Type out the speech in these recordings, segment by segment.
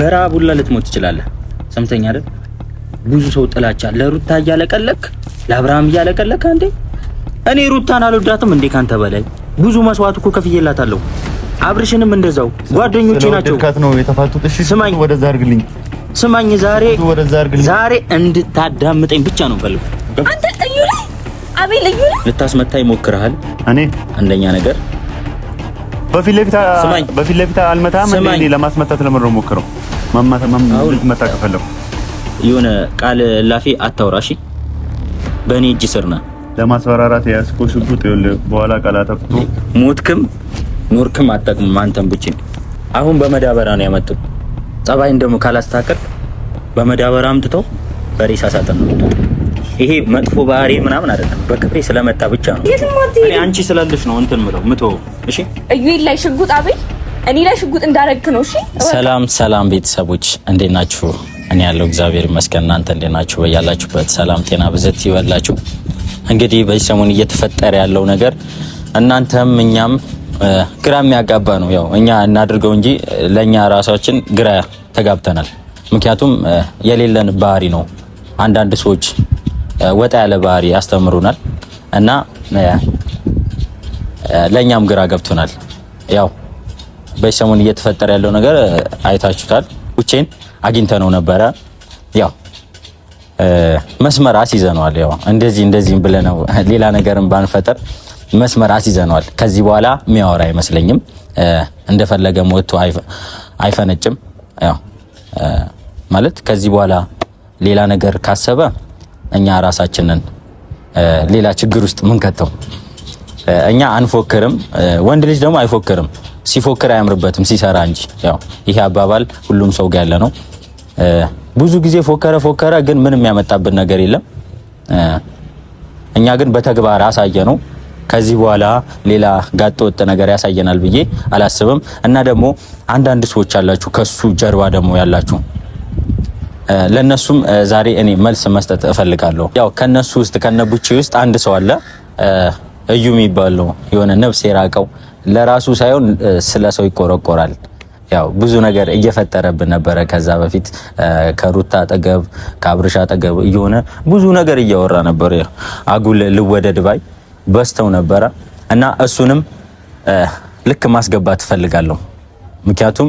በረሃብ ሁላ ልትሞት ትችላለህ። ሰምተኛ አይደል? ብዙ ሰው ጥላቻ ለሩታ እያለቀለክ ለአብርሃም እያለቀለክ አንዴ እኔ ሩታን አልወዳትም እንዴ ካንተ በላይ ብዙ መስዋዕት እኮ ከፍዬላታለሁ። አብርሽንም እንደዛው ጓደኞቼ ናቸው ድካት ነው የተፋቱት። እሺ ስማኝ፣ ወደዛ አድርግልኝ። ስማኝ፣ ዛሬ ዛሬ እንድታዳምጠኝ ብቻ ነው ፈልጉ። አንተ እዩ ላይ አቤል እዩ ላይ ልታስመታ ይሞክርሃል። እኔ አንደኛ ነገር በፊት ለፊት አልመታም። እኔ ለማስመታት ለምን ነው ሞክረው ልትመታ ከፈለኩ የሆነ ቃል ላፌ አታውራሺ። በእኔ እጅ ስር ነህ። ለማስፈራራት የያዝከው ሽጉጥ ይኸውልህ፣ በኋላ ቃል አተኩቶ ሞትክም ኖርክም አጠቅምም። አንተም ብቻ አሁን በመዳበሪያ ነው ያመጡ። ጸባይን ደግሞ ካላስተካከል በመዳበሪያ አምጥተው በሬሳ ሳጥን ነው። ይሄ መጥፎ ባህሪ ምናምን አይደለም፣ በክብሬ ስለመጣ ብቻ ነው። አንቺ ስላለሽ ነው እንትን ምለው ምቶ። እሺ እዩ ላይ ሽጉጥ አብይ እኔ ላይ ሽጉጥ እንዳረግክ ነው። እሺ። ሰላም ሰላም ቤተሰቦች እንዴት ናችሁ? እኔ ያለው እግዚአብሔር ይመስገን። እናንተ እንዴት ናችሁ? በያላችሁበት ሰላም ጤና ብዘት ይበላችሁ። እንግዲህ በዚህ ሰሞን እየተፈጠረ ያለው ነገር እናንተም እኛም ግራ የሚያጋባ ነው። ያው እኛ እናድርገው እንጂ ለእኛ ራሳችን ግራ ተጋብተናል። ምክንያቱም የሌለን ባህሪ ነው። አንዳንድ ሰዎች ወጣ ያለ ባህሪ ያስተምሩናል እና ለእኛም ግራ ገብቶናል ያው በሰሞን እየተፈጠረ ያለው ነገር አይታችሁታል። ቡቼን አግኝተ ነው ነበረ ያው መስመር አስይዘነዋል። ያው እንደዚህ እንደዚህም ብለህ ነው ሌላ ነገርን ባንፈጠር መስመር አስይዘነዋል። ከዚህ በኋላ የሚያወራ አይመስለኝም። እንደፈለገ ወጥቶ አይፈነጭም። ያው ማለት ከዚህ በኋላ ሌላ ነገር ካሰበ እኛ ራሳችንን ሌላ ችግር ውስጥ ምንከተው። እኛ አንፎክርም። ወንድ ልጅ ደግሞ አይፎክርም። ሲፎክር አያምርበትም፣ ሲሰራ እንጂ። ያው ይሄ አባባል ሁሉም ሰው ጋር ያለ ነው። ብዙ ጊዜ ፎከረ ፎከረ፣ ግን ምንም የሚያመጣብን ነገር የለም። እኛ ግን በተግባር አሳየ ነው። ከዚህ በኋላ ሌላ ጋጥ ወጥ ነገር ያሳየናል ብዬ አላስብም። እና ደግሞ አንዳንድ ሰዎች አላችሁ ከሱ ጀርባ ደግሞ ያላችሁ ለነሱም ዛሬ እኔ መልስ መስጠት እፈልጋለሁ። ያው ከነሱ ውስጥ ከነቡቼ ውስጥ አንድ ሰው አለ እዩ የሚባል የሆነ ነፍስ የራቀው ለራሱ ሳይሆን ስለ ሰው ይቆረቆራል። ያው ብዙ ነገር እየፈጠረብን ነበረ። ከዛ በፊት ከሩታ አጠገብ ከአብርሻ አጠገብ እየሆነ ብዙ ነገር እያወራ ነበር። አጉል ልወደድ ባይ በስተው ነበረ እና እሱንም ልክ ማስገባት እፈልጋለሁ። ምክንያቱም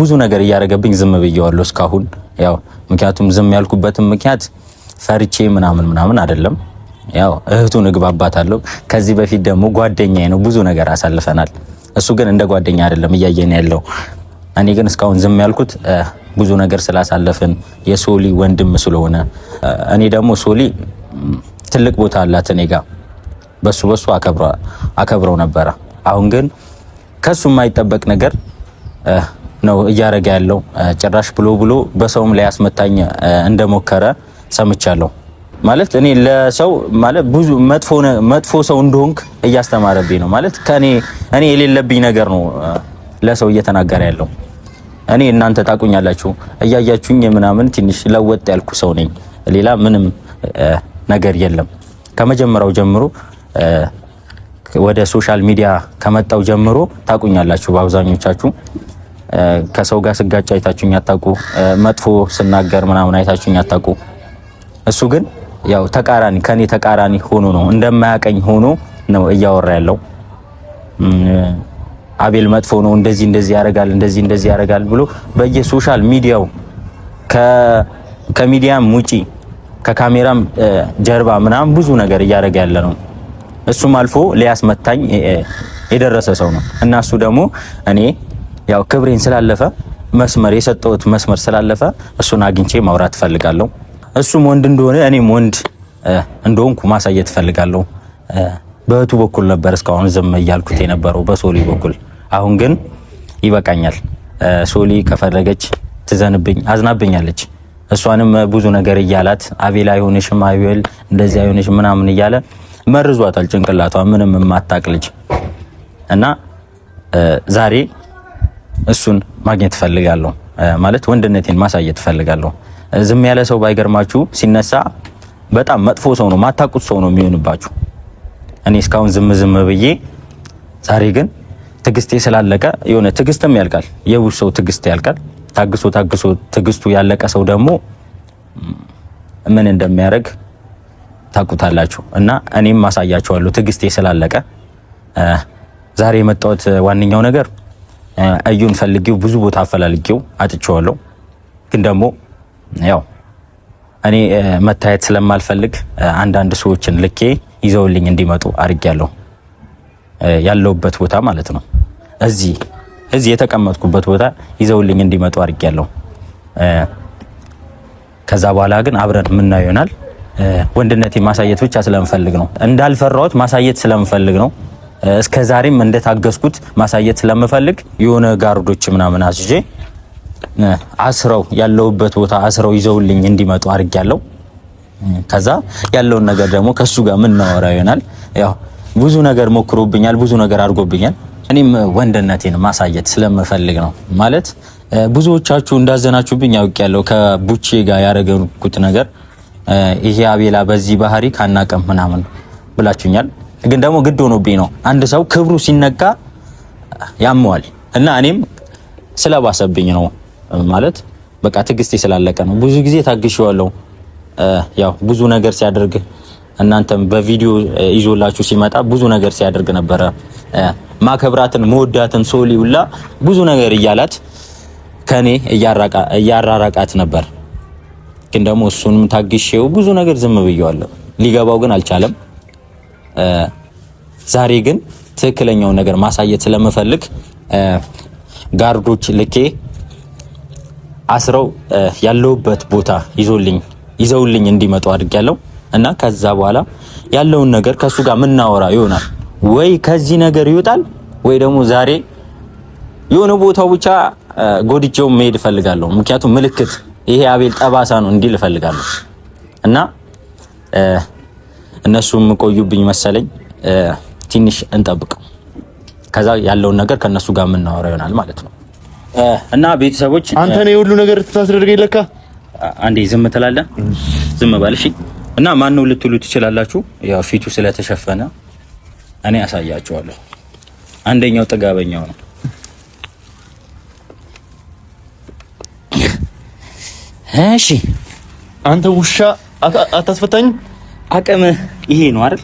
ብዙ ነገር እያደረገብኝ ዝም ብየዋለሁ እስካሁን። ያው ምክንያቱም ዝም ያልኩበትም ምክንያት ፈርቼ ምናምን ምናምን አይደለም ያው እህቱን እግባባታለሁ። ከዚህ በፊት ደግሞ ጓደኛዬ ነው፣ ብዙ ነገር አሳልፈናል። እሱ ግን እንደ ጓደኛ አይደለም እያየን ያለው። እኔ ግን እስካሁን ዝም ያልኩት ብዙ ነገር ስላሳለፍን የሶሊ ወንድም ስለሆነ፣ እኔ ደግሞ ሶሊ ትልቅ ቦታ አላት እኔ ጋር። በሱ በሱ አከብረው ነበረ። አሁን ግን ከሱ የማይጠበቅ ነገር ነው እያደረገ ያለው። ጭራሽ ብሎ ብሎ በሰውም ላይ አስመታኝ እንደሞከረ ሰምቻለሁ። ማለት እኔ ለሰው ማለት ብዙ መጥፎ መጥፎ ሰው እንደሆንክ እያስተማረብኝ ነው። ማለት ከኔ እኔ የሌለብኝ ነገር ነው ለሰው እየተናገረ ያለው። እኔ እናንተ ታቁኛላችሁ፣ እያያችሁኝ ምናምን ትንሽ ለወጥ ያልኩ ሰው ነኝ። ሌላ ምንም ነገር የለም። ከመጀመሪያው ጀምሮ ወደ ሶሻል ሚዲያ ከመጣው ጀምሮ ታቁኛላችሁ በአብዛኞቻችሁ ከሰው ጋር ስጋጭ አይታችሁኝ አታውቁ። መጥፎ ስናገር ምናምን አይታችሁኝ አታውቁ። እሱ ግን ያው ተቃራኒ ከኔ ተቃራኒ ሆኖ ነው እንደማያቀኝ ሆኖ ነው እያወራ ያለው። አቤል መጥፎ ነው፣ እንደዚህ እንደዚህ ያደርጋል፣ እንደዚህ እንደዚህ ያደርጋል ብሎ በየሶሻል ሚዲያው ከሚዲያም ውጪ ከካሜራም ጀርባ ምናምን ብዙ ነገር እያደረገ ያለ ነው። እሱም አልፎ ሊያስመታኝ የደረሰ ሰው ነው እና እሱ ደግሞ እኔ ያው ክብሬን ስላለፈ መስመር የሰጠሁት መስመር ስላለፈ እሱን አግኝቼ ማውራት እፈልጋለሁ። እሱም ወንድ እንደሆነ እኔም ወንድ እንደሆንኩ ማሳየት እፈልጋለሁ። በእህቱ በኩል ነበር እስካሁን ዝም እያልኩት የነበረው በሶሊ በኩል። አሁን ግን ይበቃኛል። ሶሊ ከፈለገች ትዘንብኝ፣ አዝናብኛለች። እሷንም ብዙ ነገር እያላት አቤላ አይሆንሽም፣ አቤል እንደዚህ አይሆንሽም ምናምን እያለ መርዟታል ጭንቅላቷ። ምንም የማታቅ ልጅ እና ዛሬ እሱን ማግኘት እፈልጋለሁ ማለት ወንድነቴን ማሳየት እፈልጋለሁ። ዝም ያለ ሰው ባይገርማችሁ ሲነሳ በጣም መጥፎ ሰው ነው፣ ማታቁት ሰው ነው የሚሆንባችሁ። እኔ እስካሁን ዝም ዝም ብዬ ዛሬ ግን ትግስቴ ስላለቀ የሆነ ትግስትም ያልቃል። የብዙ ሰው ትግስት ያልቃል። ታግሶ ታግሶ ትግስቱ ያለቀ ሰው ደግሞ ምን እንደሚያደርግ ታቁታላችሁ። እና እኔም ማሳያችኋለሁ ትግስቴ ስላለቀ ዛሬ የመጣሁት ዋነኛው ነገር እዩን ፈልጌው ብዙ ቦታ አፈላልጌው አጥቼዋለሁ ግን ደግሞ ያው እኔ መታየት ስለማልፈልግ አንዳንድ ሰዎችን ልኬ ይዘውልኝ እንዲመጡ አድርጌያለሁ። ያለውበት ቦታ ማለት ነው። እዚህ እዚህ የተቀመጥኩበት ቦታ ይዘውልኝ እንዲመጡ አድርጌያለሁ። ከዛ በኋላ ግን አብረን የምናየው ይሆናል። ወንድነቴ ማሳየት ብቻ ስለምፈልግ ነው፣ እንዳልፈራሁት ማሳየት ስለምፈልግ ነው። እስከ ዛሬም እንደታገስኩት ማሳየት ስለምፈልግ የሆነ ጋርዶች ምናምን አስጄ አስረው ያለውበት ቦታ አስረው ይዘውልኝ እንዲመጡ አድርጌያለሁ። ከዛ ያለውን ነገር ደግሞ ከሱ ጋር ምናወራ ይሆናል። ያው ብዙ ነገር ሞክሮብኛል፣ ብዙ ነገር አድርጎብኛል። እኔም ወንድነቴን ማሳየት ስለምፈልግ ነው ማለት ብዙዎቻችሁ እንዳዘናችሁብኝ አውቄያለሁ። ከቡቼ ጋር ያደረገኩት ነገር ይሄ አቤላ በዚህ ባህሪ ካናቀም ምናምን ብላችሁኛል። ግን ደግሞ ግድ ሆኖብኝ ነው። አንድ ሰው ክብሩ ሲነካ ያመዋል እና እኔም ስለባሰብኝ ነው ማለት በቃ ትግስት ስላለቀ ነው። ብዙ ጊዜ ታግሼዋለሁ። ያው ብዙ ነገር ሲያደርግ እናንተም በቪዲዮ ይዞላችሁ ሲመጣ ብዙ ነገር ሲያደርግ ነበረ። ማከብራትን መወዳትን ሶሊውላ ብዙ ነገር እያላት ከኔ እያራራቃት ነበር። ግን ደግሞ እሱንም ታግሼው ብዙ ነገር ዝም ብየዋለሁ። ሊገባው ግን አልቻለም። ዛሬ ግን ትክክለኛውን ነገር ማሳየት ስለምፈልግ ጋርዶች ልኬ አስረው ያለውበት ቦታ ይዞልኝ ይዘውልኝ እንዲመጡ አድርጊያለሁ እና ከዛ በኋላ ያለውን ነገር ከሱ ጋር ምናወራ ይሆናል። ወይ ከዚህ ነገር ይወጣል ወይ ደግሞ ዛሬ የሆነ ቦታው ብቻ ጎድቼው መሄድ እፈልጋለሁ። ምክንያቱም ምልክት ይሄ አቤል ጠባሳ ነው እንዲል እፈልጋለሁ እና እነሱም ቆዩብኝ መሰለኝ ትንሽ እንጠብቅ። ከዛ ያለውን ነገር ከነሱ ጋር ምናወራ ይሆናል ማለት ነው። እና ቤተሰቦች አንተ ነው የሁሉ ነገር ታስደርገኝ። ለካ አንዴ ዝም ትላለህ፣ ዝም ባልሽ እና ማን ነው ልትሉ ትችላላችሁ። ያው ፊቱ ስለተሸፈነ እኔ አሳያችኋለሁ። አንደኛው ጥጋበኛው ነው። እሺ አንተ ውሻ አታስፈታኝ። አቅም ይሄ ነው አይደል?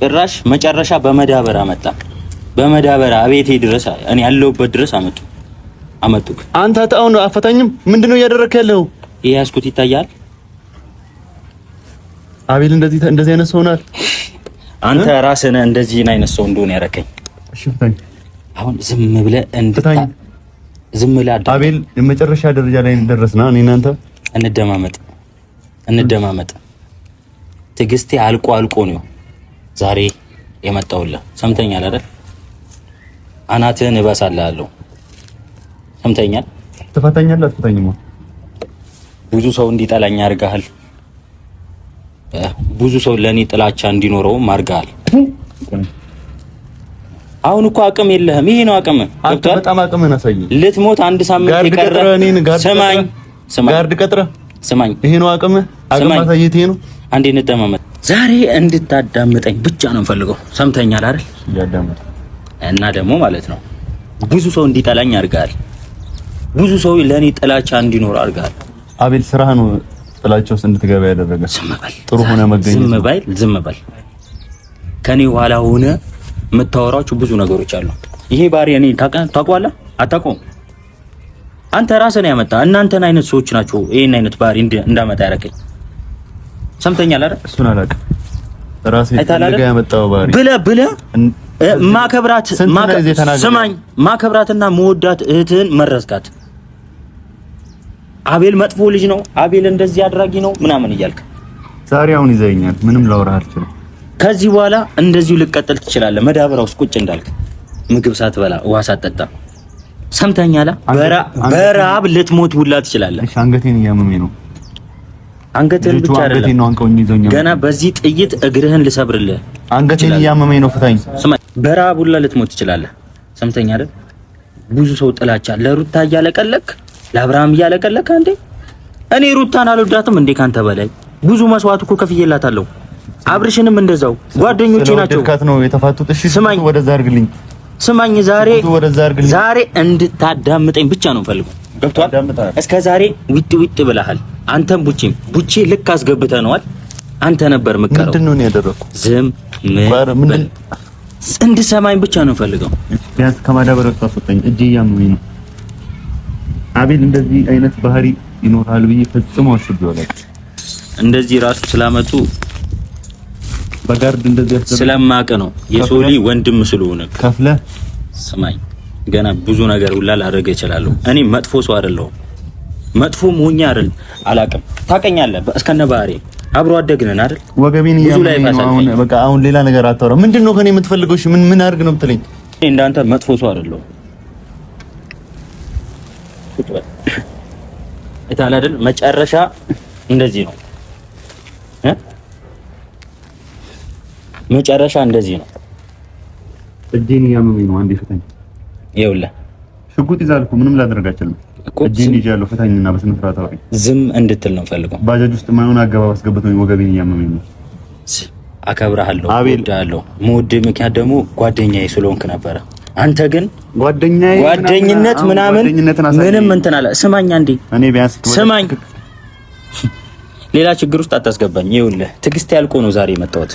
ጭራሽ መጨረሻ በመዳበራ መጣ። በመዳበራ አቤቴ ድረስ እኔ ያለሁበት ድረስ አመጡ። አመጡክ። አንተ አሁን አፈታኝም? ምንድነው እያደረክ ያለው? ይሄ ያስኩት ይታያል። አቤል እንደዚህ እንደዚህ አይነት ሰው ናት። አንተ ራስህን እንደዚህ አይነት ሰው እንደሆነ ያረከኝ። እሺ አሁን ዝም ብለህ እንድታኝ ዝም ብለህ አዳ አቤል፣ የመጨረሻ ደረጃ ላይ እንደደረስና እኔ እናንተ እንደማመጥ እንደማመጥ ትዕግስቴ አልቆ አልቆ ነው ዛሬ የመጣውልህ። ሰምተኛል አይደል? አናትህን እበሳልሃለሁ። ሰምተኛል። ትፈታኛለህ አትፈታኝም? ብዙ ሰው እንዲጠላኝ አድርገሃል። ብዙ ሰው ለእኔ ጥላቻ እንዲኖረውም አድርገሃል። አሁን እኮ አቅም የለህም። ይሄ ነው አቅም። በጣም አቅም አሳየኝ። ልትሞት አንድ ሳምንት የቀረ ስማኝ፣ ጋርድ ቀጥረ ስማኝ። ይሄ ነው አቅም። አቅም አሳየት። ይሄ ነው አንዴ እንጠማመን። ዛሬ እንድታዳምጠኝ ብቻ ነው ፈልገው። ሰምተኛል አይደል? እና ደግሞ ማለት ነው ብዙ ሰው እንዲጠላኝ አድርገሃል። ብዙ ሰው ለእኔ ጥላቻ እንዲኖር አድርጋል። አቤል ስራህ ነው ጥላቻ ውስጥ እንድትገባ ያደረገ። ጥሩ ሆነ መገኘት። ዝም በል ዝም በል። ከኔ ኋላ ሆነ የምታወራችሁ ብዙ ነገሮች አሉ። ይሄ ባህሪ እኔ ታውቀዋለህ አታውቀውም? አንተ ራስህን ያመጣ ያመጣህ። እናንተን አይነት ሰዎች ናቸው ይሄን አይነት ባህሪ እንዳመጣ ያደረገኝ። ሰምተኛል አይደል? እሱን አላውቅም። ራስህ ፈልገህ ያመጣኸው ባህሪ ብለህ ብለህ ማከብራት ስማኝ፣ ማከብራትና መወዳት እህትህን መረዝካት አቤል መጥፎ ልጅ ነው፣ አቤል እንደዚህ አድራጊ ነው ምናምን እያልክ ዛሬ አሁን ይዘኛል። ምንም ላውራ አልችልም። ከዚህ በኋላ እንደዚሁ ልቀጠል ትችላለህ። መዳበሪያ ውስጥ ቁጭ እንዳልክ ምግብ ሳትበላ ውሃ ሳትጠጣ ሰምተኛላ። በራብ ልትሞት ውላ ትችላለህ። እሺ፣ አንገቴን እያመመኝ ነው። አንገቴን ብቻ አይደለም ገና በዚህ ጥይት እግርህን ልሰብርልህ። አንገቴን እያመመኝ ነው፣ ፍታኝ። በራብ ውላ ልትሞት ትችላለህ። ሰምተኛ አይደል? ብዙ ሰው ጥላቻ ለሩታ እያለቀለክ ለአብርሃም እያለቀለከ እንዴ? እኔ ሩታን አልወዳትም እንዴ? ካንተ በላይ ብዙ መስዋዕት እኮ ከፍዬላታለሁ። አብርሽንም እንደዛው ጓደኞቼ ናቸው ከት ነው የተፋቱት። እሺ ስማኝ፣ ወደዛ አድርግልኝ። ስማኝ፣ ዛሬ ዛሬ እንድታዳምጠኝ ብቻ ነው ፈልገው። ገብቷል? እስከ ዛሬ ውጥ ውጥ ብለሃል። አንተም ቡቼም ቡቼ ልክ አስገብተነዋል። አንተ ነበር መቀረው። ምንድን ነው ያደረኩ? ዝም ምን እንድሰማኝ ብቻ ነው ፈልገው። ቢያንስ ከማዳበሪያ ተፈጠኝ ሰጠኝ እጄ እያመመኝ ነው አቤል እንደዚህ አይነት ባህሪ ይኖራል ብዬ ፈጽሞ አስቤው ነበር። እንደዚህ ራሱ ስላመጡ በጋርድ እንደዚህ ስለማውቅ ነው የሶሊ ወንድም ስለሆነ ከፍለ ስማኝ፣ ገና ብዙ ነገር ሁላ ላደርግ እችላለሁ። እኔ መጥፎ ሰው አይደለሁም፣ መጥፎ ሞኛ አይደል አላውቅም። ታውቀኛለህ፣ እስከነ ባህሪ አብሮ አደግነን አይደል? ወገቤን አሁን በቃ አሁን ሌላ ነገር አታወራም። ምንድን ነው ከኔ የምትፈልገው? ምን ምን አድርግ ነው የምትለኝ? እንዳንተ መጥፎ ሰው አይደለሁም። ቁጭ በል እታለ አይደል? መጨረሻ እንደዚህ ነው። መጨረሻ እንደዚህ ነው። እጄን እያመመኝ ነው። አንዴ ፍታኝ። ይኸውልህ ሽጉጥ ይዛል እኮ ምንም ላደረጋችልም። አልችልም። እጄን ይዣለሁ። ፍታኝና በስነ ስርዓት አውሪኝ። ዝም እንድትል ነው ፈልገው። ባጃጅ ውስጥ ማይሆን አገባብ አስገብተውኝ ወገቤን እያመመኝ ነው። አከብርሃለሁ፣ እወድሃለሁ። መውደድ ምክንያት ደግሞ ጓደኛዬ ስለሆንክ ነበረ። አንተ ግን ጓደኛዬ ጓደኝነት ምናምን ምንም እንትን አለ። ስማኝ አንዴ እኔ ስማኝ፣ ሌላ ችግር ውስጥ አታስገባኝ። ይኸውልህ ትዕግስት ያልቆ ነው ዛሬ የመጣሁት።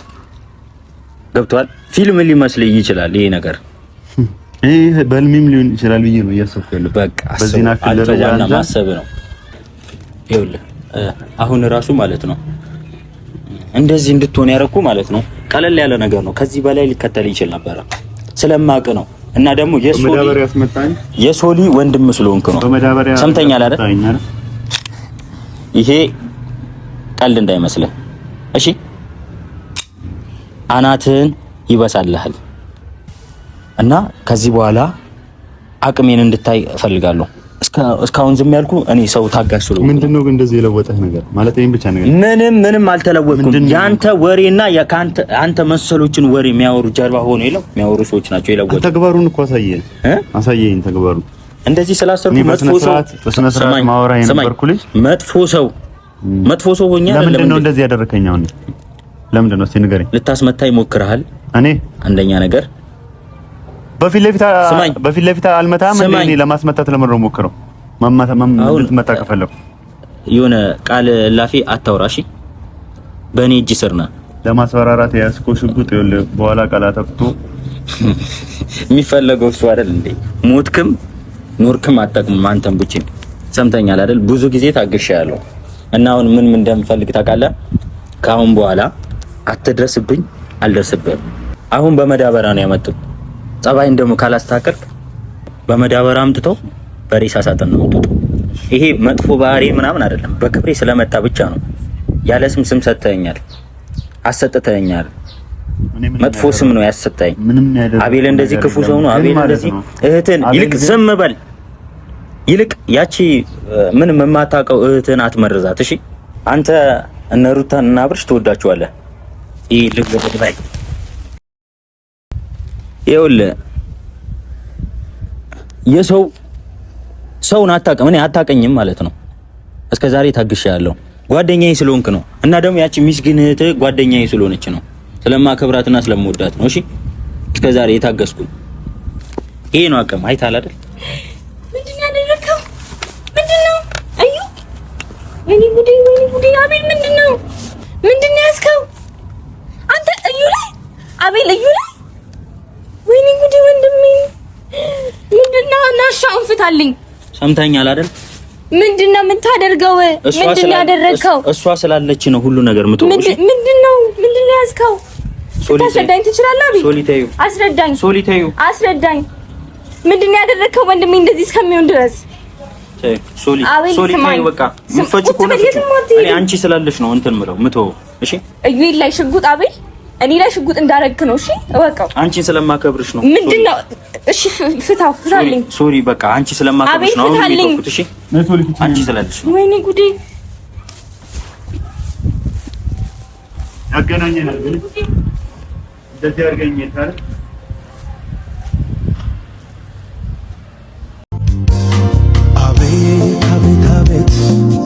ገብቷል። ፊልም ሊመስል ይችላል ይሄ ነገር ይህ በልሚም ሊሆን ይችላል ብዬ ነው እያሰብኩ ያለው። በቃ ዋና ማሰብ ነው። ይኸውልህ አሁን ራሱ ማለት ነው እንደዚህ እንድትሆን ያደረኩ ማለት ነው ቀለል ያለ ነገር ነው። ከዚህ በላይ ሊከተል ይችል ነበረ ስለማቅ ነው። እና ደግሞ የሶሊ ወንድም ስለሆንክ ነው። ሰምተኛል አይደል? ይሄ ቀልድ እንዳይመስልህ እሺ። አናትህን ይበሳልሃል እና ከዚህ በኋላ አቅሜን እንድታይ እፈልጋለሁ። እስካሁን ዝም ያልኩ እኔ ሰው ታጋሽ ስለሆነ ምንድነው ግን እንደዚህ የለወጠህ ነገር ማለት ይሄን ብቻ ነገር ምንም ምንም አልተለወጥኩም። ያንተ ወሬና ያንተ አንተ መሰሎችን ወሬ የሚያወሩ ጀርባ ሆኖ የለው የሚያወሩ ሰዎች ናቸው የለወጡ። ተግባሩን እኮ አሳየህ አሳየኝ። ተግባሩን እንደዚህ ስላሰርኩ መጥፎ ሰው በስነ ስርዓት ማወራ የነበርኩ ልጅ መጥፎ ሰው መጥፎ ሰው ሆኛ ለምንድን ነው እንደዚህ ያደረከኝ? አሁን ለምንድን ነው እስቲ ንገረኝ። ልታስመታኝ ሞክረሃል። እኔ አንደኛ ነገር በፊት ለፊት በፊት ለፊት አልመታም እንዴ? ለማስመታት ለምን ነው ሞክረው ማማታ የሆነ ቃል ላፊ አታውራሺ። በእኔ እጅ ስር ነህ። ለማስፈራራት የያዝከው ሽጉጥ ይኸውልህ፣ በኋላ ቃል አጠፍቶ የሚፈለገው እሱ አይደል እንዴ? ሞትክም ኖርክም አጠቅምም አንተም ብቻ ሰምተኛል አይደል? ብዙ ጊዜ ታግሻለሁ እና አሁን ምን ምን እንደምፈልግ ታውቃለህ? ከአሁን በኋላ አትድረስብኝ፣ አልደርስብህም። አሁን በመዳበሪያ ነው ያመጡት ጸባይን ደግሞ ካላስተካከል በመዳበር አምጥቶ በሬሳ ሳጥን ነው አምጥቶ። ይሄ መጥፎ ባህሪ ምናምን አይደለም፣ በክብሬ ስለመጣ ብቻ ነው። ያለ ስም ስም ሰጥተኛል፣ አሰጥተኛል። መጥፎ ስም ነው ያሰጠኝ። አቤል እንደዚህ ክፉ ሰው ነው። አቤል እንደዚህ እህትን ይልቅ ዝም በል ይልቅ ያቺ ምንም የማታውቀው እህትን አትመርዛት። እሺ አንተ እነ ሩታን እና አብርሽ ትወዳቸዋለህ። ይህ ልብ ይኸውልህ የሰው ሰውን አታውቅም። እኔ አታውቀኝም ማለት ነው። እስከ ዛሬ ታግሻ ያለው ጓደኛዬ ስለሆንክ ነው። እና ደግሞ ያቺ ሚስኪን እህት ጓደኛዬ ስለሆነች ነው፣ ስለማከብራትና ስለምወዳት ነው። እሺ እስከ ዛሬ የታገስኩ ይሄ ነው አቅም። አይተሃል አይደል? ምንድን ነው ያደረከው? ምንድን ነው ወይኔ ጉዴ! ወይኔ ጉዴ! አቤል ምንድን ነው ምንድን ነው ያዝከው አንተ? እዩ ላይ አቤል፣ እዩ ላይ ወይኔ ጉዴ ወንድሜ ምንድነው? ናሻ እንፍታልኝ። ሰምተኛል አይደል? ምንድነው የምታደርገው? ምንድነው ያደረግከው? እሷ ስላለች ነው ሁሉ ነገር ምትወጪ። ምንድነው ምንድነው ያዝከው? ታስረዳኝ ትችላለህ? አቢ ሶሊታዩ አስረዳኝ። ሶሊታዩ አስረዳኝ። ምንድነው ያደረግከው ወንድሜ እንደዚህ እስከሚሆን ድረስ? አንቺ ስላለች ነው እንትን ምለው ምተው። እሺ እዩ ላይ ሽጉጥ አቤል እኔ ላይ ሽጉጥ እንዳረግክ ነው። እሺ እበቃው። አንቺን ስለማከብርሽ ነው። ምንድን ነው? እሺ ፍታው፣ ፍታልኝ። ሶሪ በቃ አንቺ ስለማከብርሽ ነው። ፍታልኝ። እሺ አንቺ ስላለሽ ነው። ወይኔ ጉዴ! ያገናኘናል ግን እንደዚህ ያርገኝታል። አቤት አቤት አቤት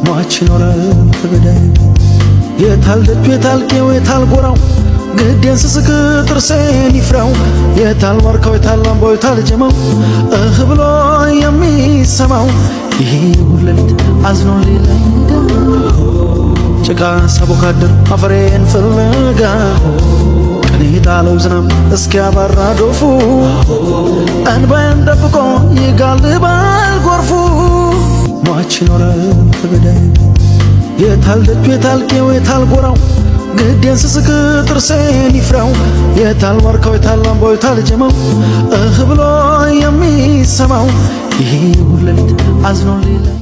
ሟች ይኖራል ትብዳይ የታል ደጁ የታል ቄው የታል ጎራው ንዴን ስስክ ጥርሴን ይፍራው የታል ዋርካው የታል አምባው የታል ጀማው እህ ብሎ የሚሰማው ይሄ ሁለት አዝኖ ሌለንጋ ጭቃ ሳቦካደር አፈሬን ፍለጋ ቀኔ ጣለው ዝናም እስኪያባራ ዶፉ እንባዬን ጠብቆ ይጋልባል ጎርፉ ሟች ኖረ ትብዳይ የታል ደጁ የታል ቄው የታል ጎራው ንዴን ስስቅ ጥርሴን ይፍራው የታል ዋርካው የታል አምባው የታል ጀማው እህ ብሎ የሚሰማው ይሄ ሁለት አዝኖ ሌላ